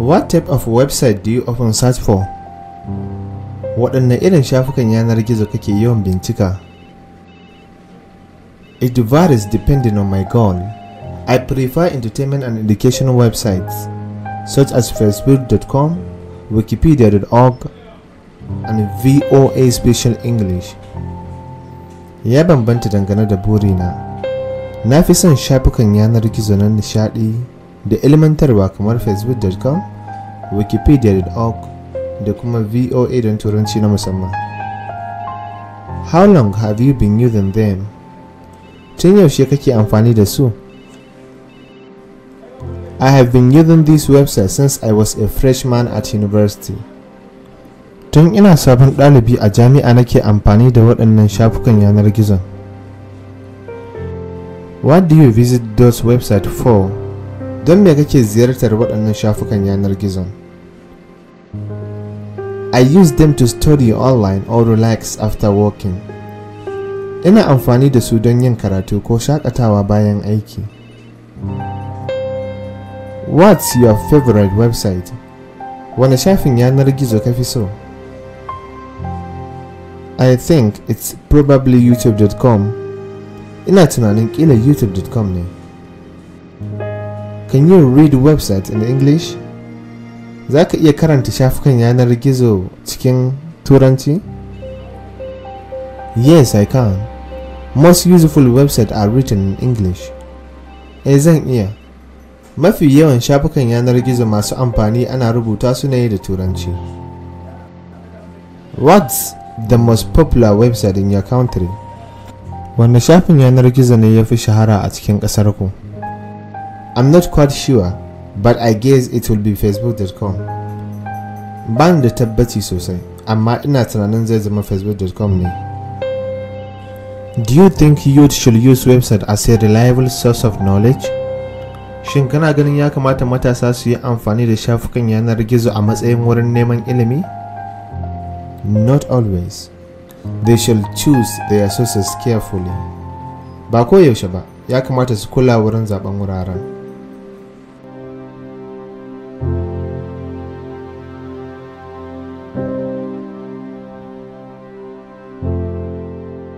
What type of website do you often search for? Waɗanne irin shafukan yanar gizo kake yawan bincika? It varies depending on my goal. I prefer entertainment and educational websites such as facebook.com, wikipedia.org, and VOA Special English. Ya bambanta dangane da burina. Na fi son shafukan yanar gizo na nishaɗi da ilmantarwa kamar facebook.com wikipedia.org da kuma voa don turanci na musamman how long have you been using them tun yaushe kake amfani da su i have been using this website since i was a freshman at university tun ina sabon ɗalibi a jami'a nake amfani da waɗannan shafukan yanar gizon what do you visit those websites for don me kake ziyartar waɗannan shafukan yanar gizon I use them to study online or relax after working. Ina amfani da su don yin karatu ko shakatawa bayan aiki. What's your favorite website? Wane shafin yanar gizo ka fi so? I think it's probably youtube.com. Ina tunanin kila youtube.com ne. Can you read website in English? Za ka iya karanta shafukan yanar gizo cikin Turanci? Yes, I can. Most useful websites are written in English. Eh zan iya. Mafi yawan shafukan yanar gizo masu amfani ana rubuta su ne da Turanci. What's the most popular website in your country? Wanne shafin yanar gizo ne ya fi shahara a cikin ƙasar ku? I'm not quite sure, but I guess it will be facebook.com. Ban da tabbaci sosai, amma ina tunanin zai zama facebook.com ne. Do you think youth should use website as a reliable source of knowledge? Shin kana ganin ya kamata matasa su yi amfani da shafukan yanar gizo a matsayin wurin neman ilimi? Not always. They shall choose their sources carefully. Ba koyaushe ba, ya kamata su kula wurin zaben wuraren.